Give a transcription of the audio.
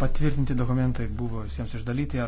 Patvirtinti dokumentai buvo visiems išdalyti.